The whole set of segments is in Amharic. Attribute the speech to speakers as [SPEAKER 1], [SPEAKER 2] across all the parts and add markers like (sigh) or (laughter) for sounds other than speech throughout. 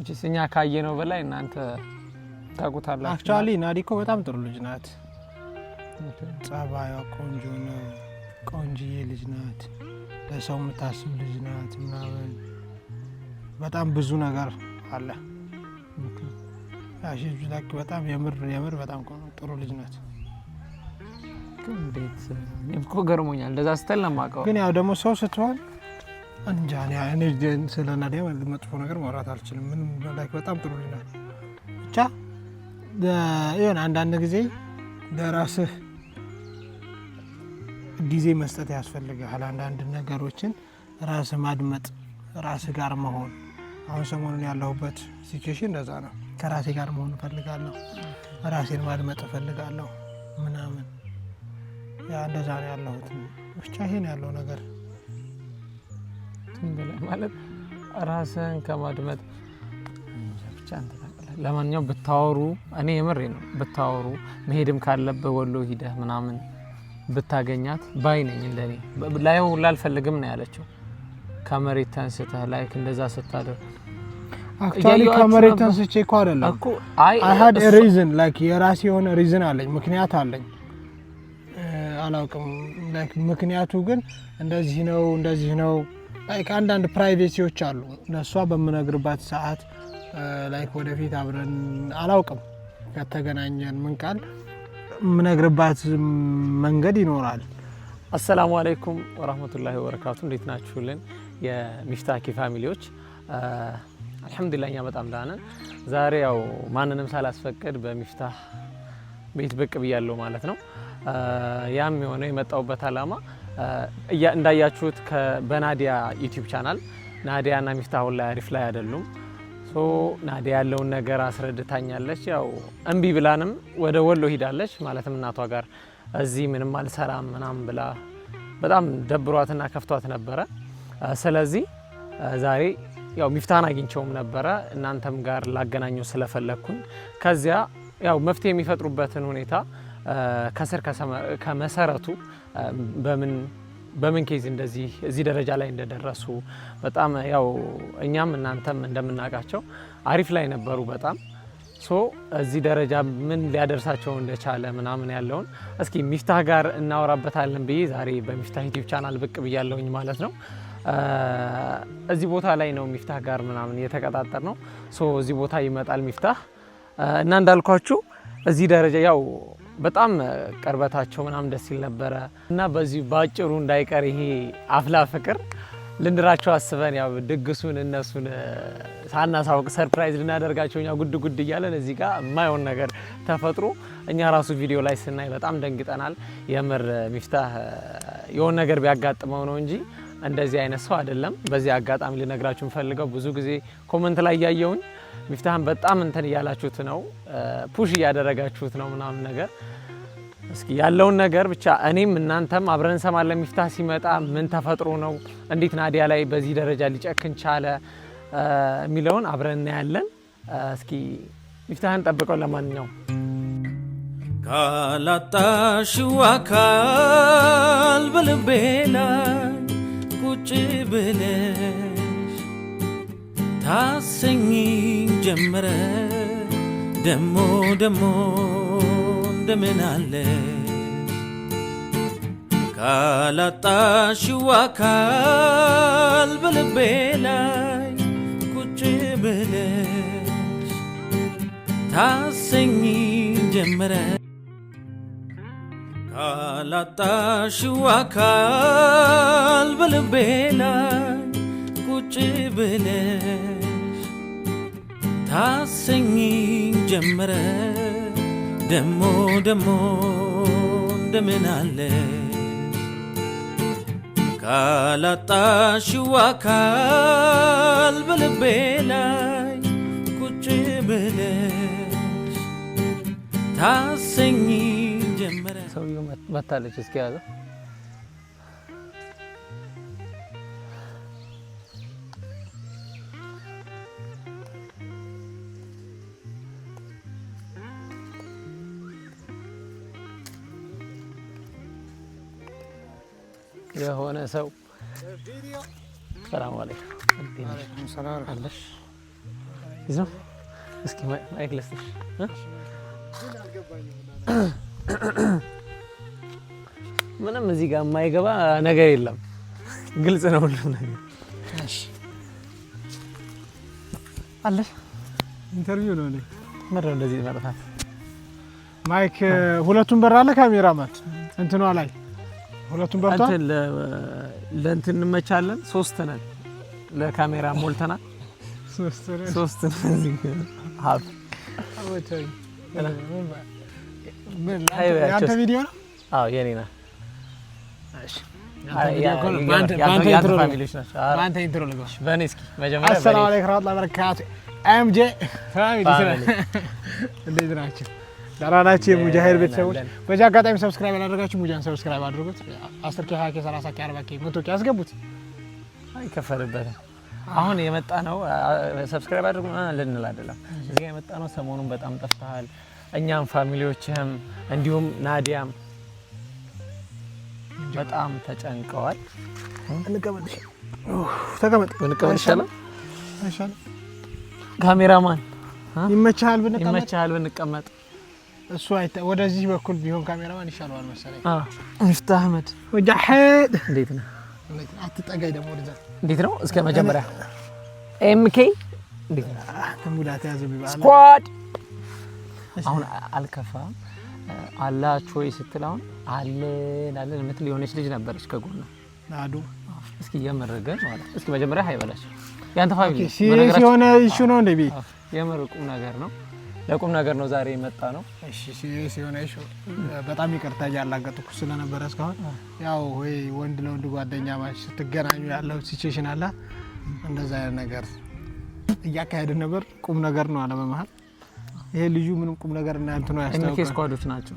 [SPEAKER 1] መቼስ እኛ ካየነው በላይ እናንተ
[SPEAKER 2] ታውቁታላችሁ። አክቹዋሊ ናዲ በጣም ጥሩ ልጅ ናት። ጸባዩ ቆንጆ ነው። ቆንጅዬ ልጅ ናት። ለሰው የምታስብ ልጅ ናት ምናምን በጣም ብዙ ነገር አለ። ሽላክ በጣም የምር የምር በጣም ጥሩ ልጅ ናት።
[SPEAKER 1] እንዴት እኮ ገርሞኛል። እንደዛ ስተል ነው
[SPEAKER 2] ግን ያው ደግሞ ሰው ስትሆን እንጃ እኔ ስለ ናዲያ መጥፎ ነገር ማውራት አልችልም። ምንም ላይክ በጣም ጥሩ ልናል ብቻ የሆነ አንዳንድ ጊዜ ለራስህ ጊዜ መስጠት ያስፈልግሃል። አንዳንድ ነገሮችን ራስ ማድመጥ፣ ራስ ጋር መሆን። አሁን ሰሞኑን ያለሁበት ሲቹዌሽን እንደዛ ነው። ከራሴ ጋር መሆን እፈልጋለሁ፣ ራሴን ማድመጥ እፈልጋለሁ ምናምን ያ እንደዛ ነው ያለሁት። ብቻ ይሄን ያለው ነገር
[SPEAKER 1] ከማድመጥም በላይ ማለት ራስህን ከማድመጥ ብቻ ለማንኛውም ብታወሩ እኔ የምሬ ነው ብታወሩ መሄድም ካለብህ ወሎ ሂደህ ምናምን ብታገኛት ባይ ነኝ። እንደኔ ላየው ላልፈልግም ነው ያለችው። ከመሬት ተንስተህ ላይ እንደዛ ስታደርግ
[SPEAKER 2] አክቹዋሊ ከመሬት ተንስቼ እኮ አይደለም እኮ አይ ሀድ ሪዝን ላይክ የራሴ የሆነ ሪዝን አለኝ፣ ምክንያት አለኝ። አላውቅም ላይክ ምክንያቱ ግን እንደዚህ ነው እንደዚህ ነው ላይክ አንዳንድ ፕራይቬሲዎች አሉ። ለእሷ በምነግርባት ሰዓት ላይክ uh, ወደፊት አብረን አላውቅም ከተገናኘን ምን ቃል የምነግርባት መንገድ ይኖራል።
[SPEAKER 1] አሰላሙ አለይኩም ወራህመቱላሂ ወበረካቱ። እንዴት ናችሁልን የሚፍታኪ ፋሚሊዎች? Uh, አልሐምዱሊላህ እኛ በጣም ደህና ነን። ዛሬ ያው ማንንም ሳላስፈቅድ በሚፍታህ ቤት ብቅ ብያለሁ ማለት ነው። uh, ያም የሆነው የመጣውበት አላማ እንዳያችሁት በናዲያ ዩቲዩብ ቻናል ናዲያ እና ሚፍታ አሁን ላይ አሪፍ ላይ አይደሉም። ሶ ናዲያ ያለውን ነገር አስረድታኛለች። ያው እምቢ ብላንም ወደ ወሎ ሂዳለች። ማለትም እናቷ ጋር እዚህ ምንም አልሰራም ምናምን ብላ በጣም ደብሯትና ከፍቷት ነበረ። ስለዚህ ዛሬ ያው ሚፍታን አግኝቸውም ነበረ እናንተም ጋር ላገናኘው ስለፈለግኩኝ ከዚያ ያው መፍትሄ የሚፈጥሩበትን ሁኔታ ከስር ከመሰረቱ በምን በምን ኬዝ እንደዚህ እዚህ ደረጃ ላይ እንደደረሱ በጣም ያው እኛም እናንተም እንደምናውቃቸው አሪፍ ላይ ነበሩ። በጣም ሶ እዚህ ደረጃ ምን ሊያደርሳቸው እንደቻለ ምናምን ያለውን እስኪ ሚፍታህ ጋር እናወራበታለን ብዬ ዛሬ በሚፍታህ ዩቲዩብ ቻናል ብቅ ብያለሁኝ ማለት ነው። እዚህ ቦታ ላይ ነው ሚፍታህ ጋር ምናምን እየተቀጣጠር ነው። ሶ እዚህ ቦታ ይመጣል ሚፍታህ እና እንዳልኳችሁ እዚህ ደረጃ ያው በጣም ቅርበታቸው ምናምን ደስ ይል ነበረ እና በዚህ በአጭሩ እንዳይቀር ይሄ አፍላ ፍቅር ልንድራቸው አስበን ያው ድግሱን እነሱን ሳናሳውቅ ሰርፕራይዝ ልናደርጋቸው እኛ ጉድ ጉድ እያለን እዚህ ጋር የማይሆን ነገር ተፈጥሮ እኛ ራሱ ቪዲዮ ላይ ስናይ በጣም ደንግጠናል። የምር ሚፍታህ የሆን ነገር ቢያጋጥመው ነው እንጂ እንደዚህ አይነት ሰው አይደለም። በዚህ አጋጣሚ ልነግራችሁ ፈልገው ብዙ ጊዜ ኮመንት ላይ እያየውኝ ሚፍታህን በጣም እንትን እያላችሁት ነው፣ ፑሽ እያደረጋችሁት ነው ምናምን ነገር እስኪ ያለውን ነገር ብቻ እኔም እናንተም አብረን እንሰማለን። ሚፍታህ ሲመጣ ምን ተፈጥሮ ነው እንዴት ናዲያ ላይ በዚህ ደረጃ ሊጨክን ቻለ የሚለውን አብረን እናያለን። እስኪ ሚፍታህን ጠብቀው። ለማንኛውም ካላጣሽው አካል በልቤ ላይ ቁጭ ብለሽ ታሰኚ ጀመረ ደሞ ደሞ እንደምን አለ ካላጣሽው አካል በልቤ ላይ ቁጭ ብለሽ ታሰኝ ጀመረ ካላጣሽው አካል በልቤ ላይ ቁጭ ብለሽ ታሰኝኝ ጀመረ ደሞ ደሞ እንደምን አለ ካላጣሽው አካል በልቤ ላይ ቁጭ ብለሽ ታሰኝኝ ጀመረ ሰውየው መታለች እስኪ ያዘው የሆነ ሰው ሰላም አለሽ ይዞ እስኪ ማይክ ልስጥሽ። ምንም እዚህ ጋር የማይገባ ነገር የለም፣ ግልጽ ነው ሁሉም ነገር። አለሽ
[SPEAKER 2] ኢንተርቪው ነው ላይ
[SPEAKER 1] መረው እንደዚህ መጥፋት
[SPEAKER 2] ማይክ ሁለቱም በር አለ ካሜራ እንትኗ ላይ ሁለቱም በርታ
[SPEAKER 1] ለእንትን እንመቻለን። ሶስት ነን፣ ለካሜራ ሞልተናል።
[SPEAKER 2] ሶስት ነን። ሀብ ያንተ ቪዲዮ ነው? አዎ የኔ ነው። እሺ አሰላሙ አለይኩም ረመቱላ በረካቱ ኤምጄ ፋሚሊ እንዴት ናቸው? ደህና ናችሁ የሙጃሂድ ቤተሰቦች? በዚህ አጋጣሚ ሰብስክራይብ ያላደረጋችሁ ሙጃን ሰብስክራይብ አድርጉት። አስር ሀያ ሰላሳ 20 አርባ 40 መቶ ያስገቡት፣
[SPEAKER 1] አይከፈልበትም። አሁን የመጣ ነው ሰብስክራይብ አድርጉ ልንል አይደለም። እዚህ የመጣ ነው። ሰሞኑን በጣም ጠፍተሃል። እኛም ፋሚሊዎችህም እንዲሁም ናዲያም በጣም ተጨንቀዋል። ተቀመጥ ካሜራማን ይመችሃል ብንቀመጥ
[SPEAKER 2] እሱ ወደዚህ በኩል ቢሆን ካሜራማን ይሻለዋል መሰለኝ። አዎ አህመድ ወጃሂድ፣ እንዴት ነህ? አትጠጋኝ ደግሞ ወደዛ።
[SPEAKER 1] እንዴት ነው እስከ መጀመሪያ ኤምኬ እንዴት
[SPEAKER 2] ነው? ከሙዳት ያዘ ቢባል
[SPEAKER 1] ስኳድ አሁን አልከፋ አላችሁ ወይ ስትል አሁን አለን አለን የምትል የሆነች ልጅ ነበረች ከጎና አዱ። እስኪ የምር ማለት እስኪ መጀመሪያ ሀይበላችሁ
[SPEAKER 2] ያንተ ፋሚሊ ሲሪየስ የሆነ ነው እንዴ?
[SPEAKER 1] የምር ቁም ነገር ነው ለቁም ነገር ነው ዛሬ የመጣ ነው።
[SPEAKER 2] እሺ ሲሆነ በጣም ይቅርታ እያላገጥኩ ስለነበረ እስካሁን ያው ወይ ወንድ ለወንድ ጓደኛ ማች ስትገናኙ ያለው ሲቹዌሽን አለ እንደዛ አይነት ነገር እያካሄድን ነበር። ቁም ነገር ነው አለ ይሄ ልዩ ምንም ቁም ነገር
[SPEAKER 1] እና እንት ነው ያስተውቀ ስኳዶች ናቸው።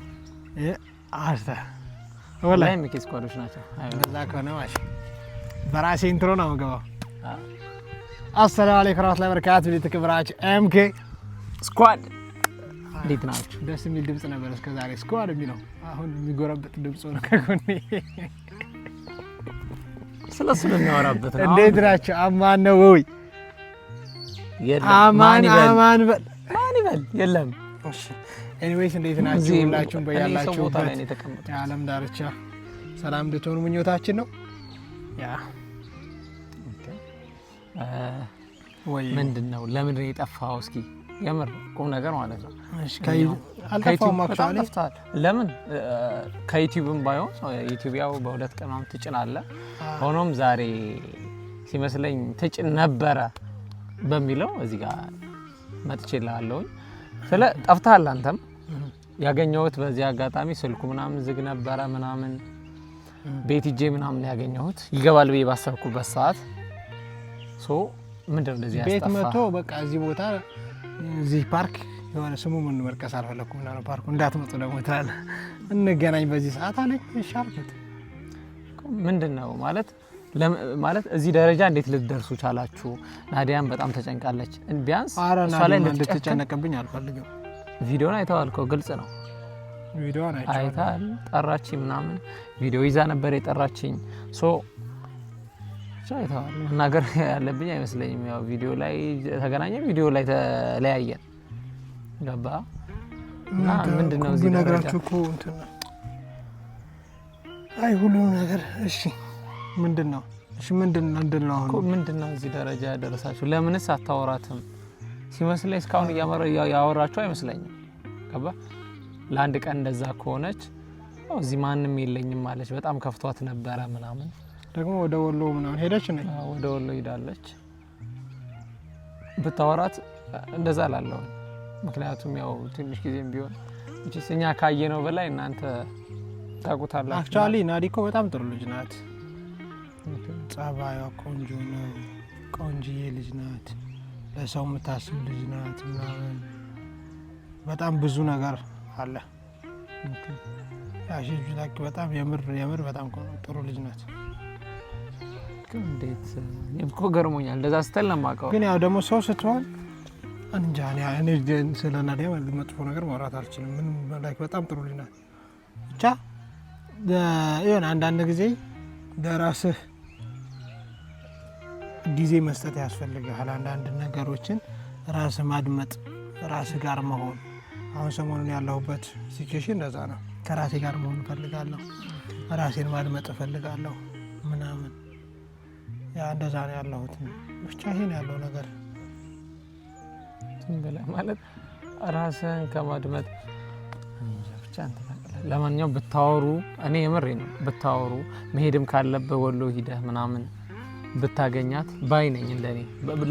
[SPEAKER 1] አስተ ወላ ኤምኬ ስኳዶች ናቸው።
[SPEAKER 2] እንደዛ ከሆነ ማሽ በራሴ ኢንትሮ ነው የምገባው። አሰላሙ አለይኩም ወራህመቱላሂ ወበረካቱ። ለተከብራችሁ ኤምኬ
[SPEAKER 1] ስኳድ እንዴት ናችሁ?
[SPEAKER 2] ደስ የሚል ድምጽ ነበር እስከ ዛሬ እስኮ አድሚ ነው። አሁን የሚጎረበጥ ድምጽ ሆነ ከጎኔ።
[SPEAKER 1] ስለሱ ነው የሚያወራበት
[SPEAKER 2] ነው። እንዴት ናቸው? አማን ነው ወይ? አማን አማን በል
[SPEAKER 1] ማን ይበል የለም።
[SPEAKER 2] ኤኒዌይስ እንዴት ናችሁ? ሁላችሁም በያላችሁበት የዓለም ዳርቻ ሰላም እንድትሆኑ ምኞታችን ነው። ያ
[SPEAKER 1] ምንድን ነው ለምንድን ነው የጠፋኸው? እስኪ የምር ቁም ነገር ማለት ነው። ለምን ከዩቲዩብም ባይሆን ዩቲዩብ ያው በሁለት ቀናም ትጭን አለ። ሆኖም ዛሬ ሲመስለኝ ትጭን ነበረ በሚለው እዚህ ጋር መጥቼልሃለሁኝ። ስለ ጠፍተሃል አንተም ያገኘሁት በዚህ አጋጣሚ ስልኩ ምናምን ዝግ ነበረ ምናምን ቤት እጄ ምናምን ያገኘሁት ይገባል ብዬ ባሰብኩበት ሰዓት ምንድነው እንደዚህ
[SPEAKER 2] ያስጠፋ ቤት መቶ በቃ እዚህ ቦታ እዚህ ፓርክ የሆነ ስሙ ምን መጥቀስ አልፈለኩም እና ነው ፓርኩ እንዳትመጡ ደግሞ ትላለህ። እንገናኝ በዚህ ሰዓት አለ እሺ
[SPEAKER 1] ምንድን ነው ማለት ማለት እዚህ ደረጃ እንዴት ልትደርሱ ቻላችሁ? ናዲያን በጣም ተጨንቃለች።
[SPEAKER 2] ቢያንስ እሷ ላይ እንድትጨነቅብኝ አልፈልግም።
[SPEAKER 1] ቪዲዮን አይተዋል እኮ ግልጽ ነው።
[SPEAKER 2] ቪዲዮን አይተዋል።
[SPEAKER 1] ጠራችኝ ምናምን ቪዲዮ ይዛ ነበር የጠራችኝ ሶ አይተዋል። መናገር ያለብኝ አይመስለኝም። ያው ቪዲዮ ላይ ተገናኘ፣ ቪዲዮ ላይ ተለያየን። ገባ
[SPEAKER 2] እና ምንድን ነው እዚህ ነገራችሁ እኮ እንትን ነው። አይ ሁሉም ነገር እሺ፣ ምንድን ነው እሺ፣ ምንድን ነው
[SPEAKER 1] አሁን ምንድን ነው እዚህ ደረጃ ያደረሳችሁ? ለምንስ አታወራትም? ሲመስለኝ እስካሁን ያወራችሁ አይመስለኝም። ገባ ለአንድ ቀን እንደዛ ከሆነች እዚህ ማንም የለኝም ማለች በጣም ከፍቷት ነበረ ምናምን
[SPEAKER 2] ደግሞ ወደ ወሎ ምናምን ሄደች ነ ወደ ወሎ ሄዳለች።
[SPEAKER 1] ብታወራት እንደዛ ላለው ምክንያቱም ያው ትንሽ ጊዜም ቢሆን እኛ ካየ ነው በላይ እናንተ ታውቁታላችሁ። አክቹዋሊ
[SPEAKER 2] ናዲኮ በጣም ጥሩ ልጅ ናት። ጸባዩ ቆንጆ ነው። ቆንጅዬ ልጅ ናት። ለሰው የምታስብ ልጅ ናት ምናምን በጣም ብዙ ነገር አለ። ያሽ በጣም የምር የምር በጣም ጥሩ ልጅ ናት።
[SPEAKER 1] እንዴት እኔም እኮ ገርሞኛል። እንደዛ ስትል ነው የማውቀው።
[SPEAKER 2] ግን ያው ደግሞ ሰው ስትሆን እንጃ ስለ ናዲያ መጥፎ ነገር ማውራት አልችልም። ምንም ላይክ በጣም ጥሩ ልጅ ናት። ብቻ ይሆን አንዳንድ ጊዜ ለራስህ ጊዜ መስጠት ያስፈልግሃል። አንዳንድ ነገሮችን ራስህ ማድመጥ፣ ራስህ ጋር መሆን። አሁን ሰሞኑን ያለሁበት ሲቹዌሽን እንደዛ ነው። ከራሴ ጋር መሆን እፈልጋለሁ። ራሴን ማድመጥ እፈልጋለሁ ምናምን ያ እንደዛ ነው ያለሁት። ብቻ ይሄን ያለው ነገር
[SPEAKER 1] ዝም ብለህ ማለት ራስህን ከማድመጥ ብቻ ለማንኛውም ብታወሩ እኔ የምሬ ነው ብታወሩ መሄድም ካለብህ ወሎ ሂደህ ምናምን ብታገኛት ባይ ነኝ። እንደኔ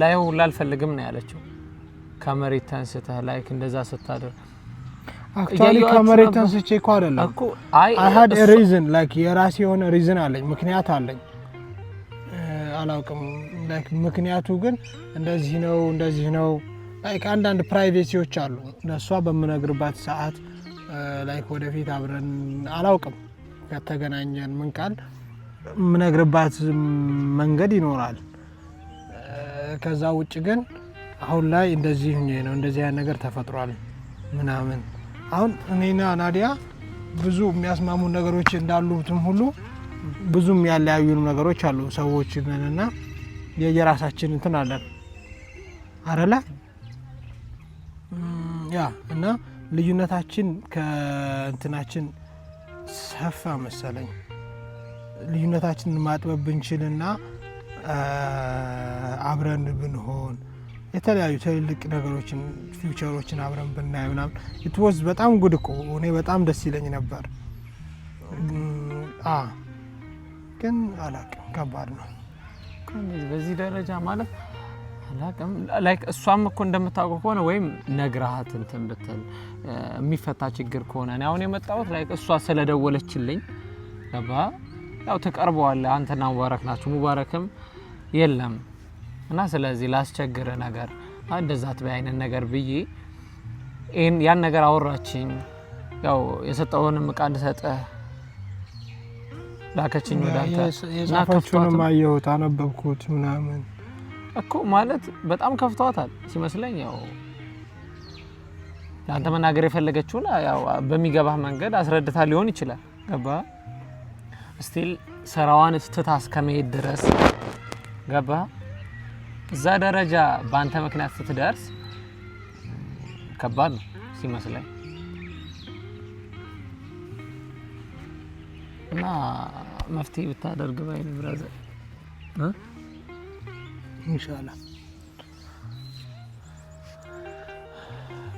[SPEAKER 1] ላይ ሁላ አልፈልግም ነው ያለችው። ከመሬት ተንስተህ ላይክ እንደዛ ስታደርግ
[SPEAKER 2] አክቹዋሊ ከመሬት ተንስቼ እኮ አይደለም። አይ ሀድ ሪዝን ላይክ የራሴ የሆነ ሪዝን አለኝ፣ ምክንያት አለኝ አላውቅም። ምክንያቱ ግን እንደዚህ ነው እንደዚህ ነው ላይክ አንዳንድ ፕራይቬሲዎች አሉ። ለእሷ በምነግርባት ሰዓት ላይክ ወደፊት አብረን አላውቅም ከተገናኘን ምን ቃል የምነግርባት መንገድ ይኖራል። ከዛ ውጭ ግን አሁን ላይ እንደዚህ ነው እንደዚህ አይነት ነገር ተፈጥሯል ምናምን አሁን እኔና ናዲያ ብዙ የሚያስማሙ ነገሮች እንዳሉትም ሁሉ ብዙም ያለያዩንም ነገሮች አሉ። ሰዎች ነንና የየራሳችን እንትን አለን አረላ ያ እና ልዩነታችን ከእንትናችን ሰፋ መሰለኝ። ልዩነታችንን ማጥበብ ብንችልና አብረን ብንሆን የተለያዩ ትልልቅ ነገሮችን ፊውቸሮችን አብረን ብናይ ምናምን ኢትወዝ በጣም ጉድ እኮ እኔ በጣም ደስ ይለኝ ነበር። ግን አላቅም፣ ከባድ ነው
[SPEAKER 1] በዚህ ደረጃ ማለት አላቅም። ላይክ እሷም እኮ እንደምታውቀው ከሆነ ወይም ነግራሃት እንትን ብትል የሚፈታ ችግር ከሆነ እኔ አሁን የመጣሁት ላይክ እሷ ስለደወለችልኝ ገባ። ያው ትቀርበዋለህ አንተና ሙባረክ ናችሁ። ሙባረክም የለም እና ስለዚህ ላስቸግር ነገር እንደዛ ትበይ አይነት ነገር ብዬ ያን ነገር አወራችኝ። ያው የሰጠውንም እቃ እንድሰጥህ ላከችኝ ወደ አንተ።
[SPEAKER 2] አየሁት አነበብኩት ምናምን
[SPEAKER 1] እኮ ማለት በጣም ከፍቷታል ሲመስለኝ። ያው ለአንተ መናገር የፈለገችውን ያው በሚገባህ መንገድ አስረድታ ሊሆን ይችላል። ገባ ስቲል ስራዋን ስትታ እስከመሄድ ድረስ ገባ እዛ ደረጃ በአንተ ምክንያት ስትደርስ ከባድ ነው ሲመስለኝ። እና መፍትሄ ብታደርግ ባይ ነው ብራዘር።
[SPEAKER 2] ኢንሻላ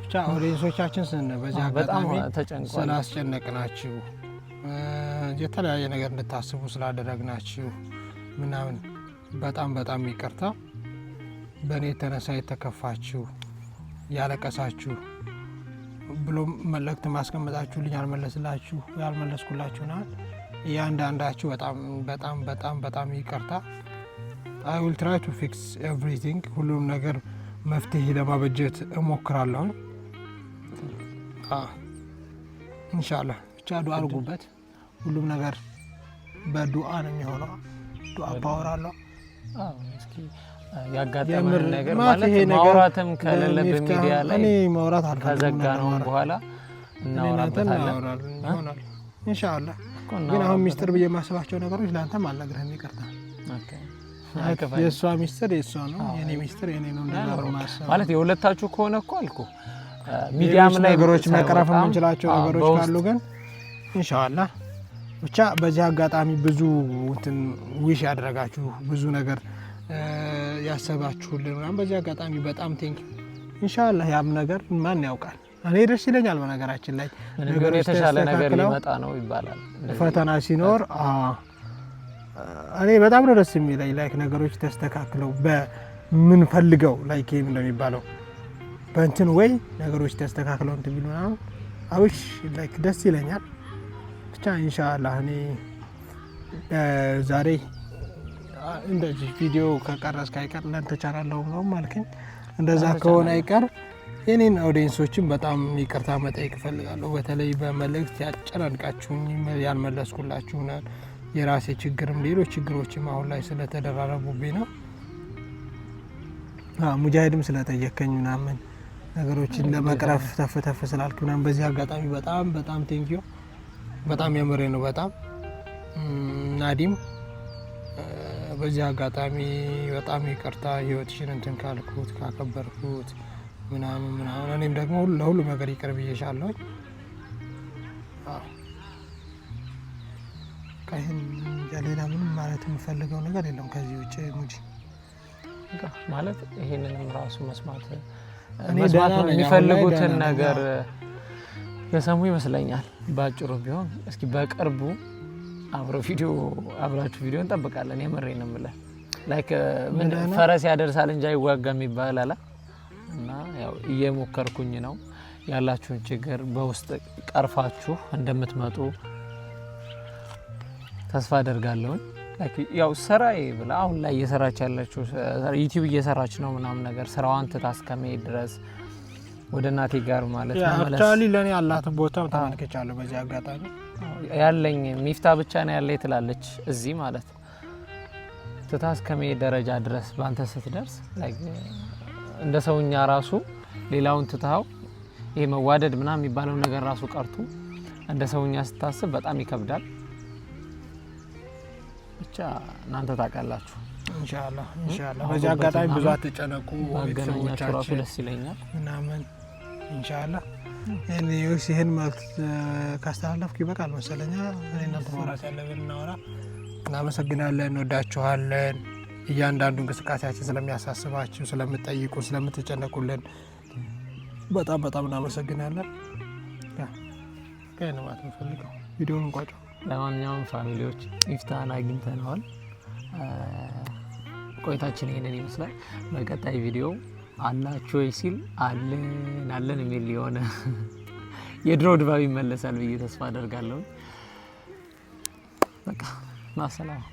[SPEAKER 2] ብቻ ኦዲየንሶቻችን ስን በዚህ አጋጣሚ ስላስጨነቅናችሁ የተለያየ ነገር እንድታስቡ ስላደረግናችሁ ምናምን በጣም በጣም ይቅርታ። በእኔ የተነሳ የተከፋችሁ ያለቀሳችሁ ብሎ መልእክት ማስቀመጣችሁልኝ ያልመለስላችሁ ያልመለስኩላችሁናል እያንዳንዳችሁ በጣም በጣም በጣም በጣም ይቅርታ። አይ ዊል ትራይ ቱ ፊክስ ኤቭሪቲንግ ሁሉም ነገር መፍትሄ ለማበጀት እሞክራለሁ። እንሻላ ብቻ ዱአ አድርጉበት። ሁሉም ነገር በዱአ ነው የሚሆነው። ዱአ ባወራለሁ
[SPEAKER 1] ያጋጠመን ነገር ማለት ማውራትም ከሌለ በሚዲያ ላይ መውራት ከዘጋ ነው በኋላ
[SPEAKER 2] እናወራበታለን። እንሻላ ግን አሁን ሚስጥር ብዬ የማስባቸው ነገሮች ለአንተ አልነግርህም፣ ይቅርታ። የእሷ ሚስጥር የእሷ ነው፣ የኔ ሚስጥር የኔ ነው።
[SPEAKER 1] ማለት የሁለታችሁ ከሆነ እኮ አልኩ
[SPEAKER 2] ሚዲያም ላይ ነገሮች መቅረፍ የምንችላቸው ነገሮች ካሉ ግን እንሻላ ብቻ በዚህ አጋጣሚ ብዙ እንትን ዊሽ ያደረጋችሁ ብዙ ነገር ያሰባችሁልን ምናምን በዚህ አጋጣሚ በጣም ቴንኪ። እንሻላ ያም ነገር ማን ያውቃል እኔ ደስ ይለኛል። በነገራችን ላይ
[SPEAKER 1] ነገር የተሻለ ነገር ሊመጣ ነው ይባላል።
[SPEAKER 2] ፈተና ሲኖር እኔ በጣም ነው ደስ የሚለኝ ላይክ ነገሮች ተስተካክለው በምንፈልገው ላይክ ይሄም እንደሚባለው በእንትን ወይ ነገሮች ተስተካክለው እንትን ቢሉ ምናምን አውሽ ላይክ ደስ ይለኛል። ብቻ ኢንሻአላህ እኔ ዛሬ እንደዚህ ቪዲዮ ከቀረስ ካይቀር ለን ተቻላለሁ ነው ማልከኝ እንደዛ ከሆነ አይቀር የኔን አውዲየንሶችን በጣም ይቅርታ መጠየቅ እፈልጋለሁ። በተለይ በመልእክት ያጨናንቃችሁኝ ያልመለስኩላችሁ የራሴ ችግርም ሌሎች ችግሮችም አሁን ላይ ስለተደራረቡብኝ ነው። ሙጃሄድም ስለጠየከኝ ምናምን ነገሮችን ለመቅረፍ ተፍተፍ ስላልክ ምናምን በዚህ አጋጣሚ በጣም በጣም ቴንኪዮ በጣም የምሬ ነው። በጣም ናዲም በዚህ አጋጣሚ በጣም ይቅርታ ህይወትሽን እንትን ካልኩት ካከበርኩት ምናምን ምናምን እኔም ደግሞ ለሁሉም ነገር ይቅር ብዬሻለሁ። ይህን ሌላ ምንም ማለት የምፈልገው ነገር የለም ከዚህ ውጭ ሙጂ
[SPEAKER 1] ማለት ይሄንንም ራሱ መስማት መስማት የሚፈልጉትን ነገር የሰሙ ይመስለኛል። በአጭሩ ቢሆን እስኪ በቅርቡ አብረ ቪዲዮ አብራችሁ ቪዲዮ እንጠብቃለን። የምሬን ነው የምልህ ላይክ ፈረስ ያደርሳል እንጂ የሚባል አላ እና ያው እየሞከርኩኝ ነው። ያላችሁን ችግር በውስጥ ቀርፋችሁ እንደምትመጡ ተስፋ አደርጋለሁኝ። ያው ስራዬ ብላ አሁን ላይ እየሰራች ያለችው ዩቲዩብ እየሰራች ነው ምናምን ነገር ስራዋን ትታ እስከመሄድ ድረስ ወደ እናቴ ጋር ማለት ነው።
[SPEAKER 2] ለእኔ ያላትን ቦታም ተመልክቻለሁ። በዚህ አጋጣሚ
[SPEAKER 1] ያለኝ ሚፍታ ብቻ ነው ያለኝ ትላለች እዚህ ማለት ነው። ትታ እስከመሄድ ደረጃ ድረስ በአንተ ስትደርስ እንደ ሰውኛ ራሱ ሌላውን ትትኸው ይሄ መዋደድ ምናምን የሚባለው ነገር ራሱ ቀርቶ እንደ ሰውኛ ስታስብ በጣም ይከብዳል። ብቻ እናንተ ታውቃላችሁ።
[SPEAKER 2] እንሻላ እንሻላ። በዚህ አጋጣሚ ብዙ አትጨነቁ።
[SPEAKER 1] ማገናኛችሁ ራሱ ደስ ይለኛል ምናምን
[SPEAKER 2] እንሻላ። ይህ ይህን መልዕክት ካስተላለፍኩ ይበቃል መሰለኛ። እናንተ ማውራት ያለብን እናወራ። እናመሰግናለን። እንወዳችኋለን። እያንዳንዱ እንቅስቃሴያችን ስለሚያሳስባችሁ፣ ስለምትጠይቁ፣ ስለምትጨነቁልን በጣም በጣም እናመሰግናለን። ከንማት ንፈልገው ቪዲዮን እንቋጫ።
[SPEAKER 1] ለማንኛውም ፋሚሊዎች ኢፍታን አግኝተነዋል። ቆይታችን ይህንን ይመስላል። በቀጣይ ቪዲዮ አላችሁ ወይ ሲል አለን አለን የሚል የሆነ (laughs) የድሮ ድባብ ይመለሳል ብዬ ተስፋ አደርጋለሁ። በቃ ማሰላማ